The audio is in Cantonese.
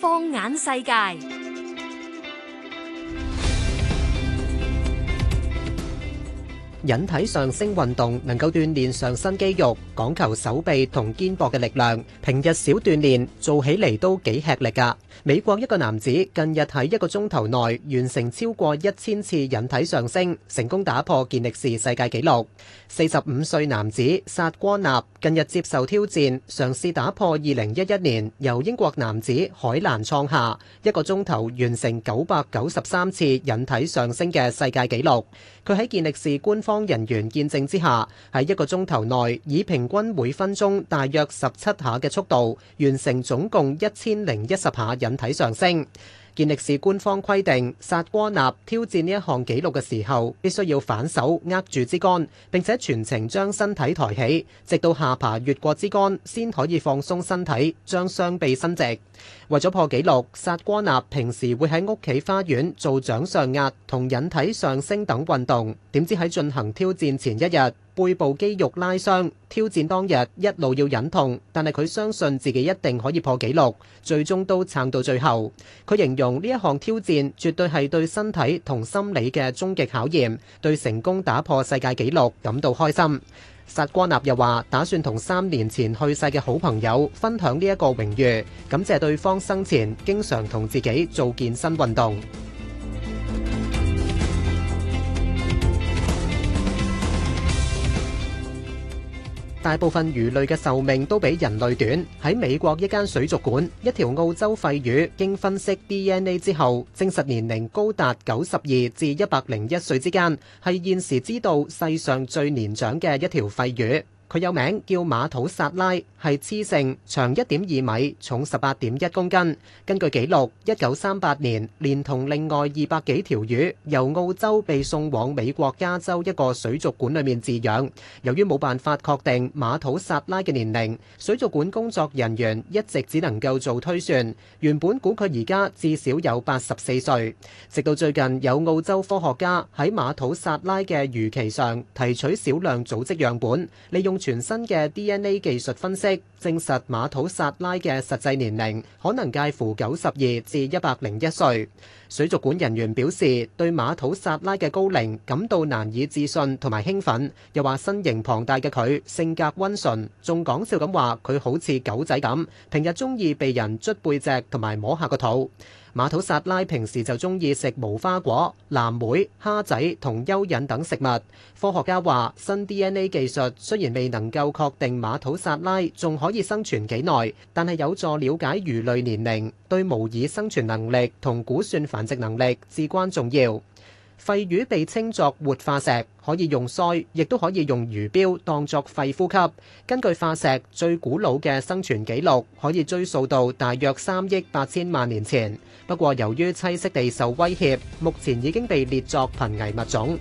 放眼世界。引體上升運動能夠鍛煉上身肌肉，講求手臂同肩膊嘅力量。平日少鍛煉，做起嚟都幾吃力噶。美國一個男子近日喺一個鐘頭內完成超過一千次引體上升，成功打破健力士世界紀錄。四十五歲男子薩戈納近日接受挑戰，嘗試打破二零一一年由英國男子海南創下一個鐘頭完成九百九十三次引體上升嘅世界紀錄。佢喺健力士官方當人員見證之下，喺一個鐘頭內，以平均每分鐘大約十七下嘅速度，完成總共一千零一十下引體上升。健力士官方規定，薩哥納挑戰呢一項紀錄嘅時候，必須要反手握住枝竿，並且全程將身體抬起，直到下巴越過枝竿，先可以放鬆身體，將雙臂伸直。為咗破紀錄，薩哥納平時會喺屋企花園做掌上壓同引體上升等運動。點知喺進行挑戰前一日，背部肌肉拉傷，挑戰當日一路要忍痛，但係佢相信自己一定可以破紀錄，最終都撐到最後。佢形容呢一項挑戰絕對係對身體同心理嘅終極考驗，對成功打破世界紀錄感到開心。薩加納又話，打算同三年前去世嘅好朋友分享呢一個榮譽，感謝對方生前經常同自己做健身運動。大部分魚類嘅壽命都比人類短。喺美國一間水族館，一條澳洲肺魚經分析 DNA 之後，證實年齡高達九十二至一百零一歲之間，係現時知道世上最年長嘅一條肺魚。佢有名叫馬土薩拉，係雌性，長一點二米，重十八點一公斤。根據記錄，一九三八年，連同另外二百幾條魚，由澳洲被送往美國加州一個水族館裏面飼養。由於冇辦法確定馬土薩拉嘅年齡，水族館工作人員一直只能夠做推算。原本估佢而家至少有八十四歲。直到最近，有澳洲科學家喺馬土薩拉嘅魚鰭上提取少量組織樣本，利用全新嘅 DNA 技術分析，證實馬土薩拉嘅實際年齡可能介乎九十二至一百零一歲。水族館人員表示，對馬土薩拉嘅高齡感到難以置信同埋興奮，又話身形龐大嘅佢性格温順，仲講笑咁話佢好似狗仔咁，平日鍾意被人捽背脊同埋摸下個肚。馬土薩拉平時就中意食無花果、藍莓、蝦仔同蚯蚓等食物。科學家話，新 DNA 技術雖然未能夠確定馬土薩拉仲可以生存幾耐，但係有助了解魚類年齡，對模擬生存能力同估算繁殖能力至關重要。肺魚被稱作活化石，可以用鰓，亦都可以用魚鰾當作肺呼吸。根據化石最古老嘅生存記錄，可以追溯到大約三億八千萬年前。不過，由於棲息地受威脅，目前已經被列作瀕危物種。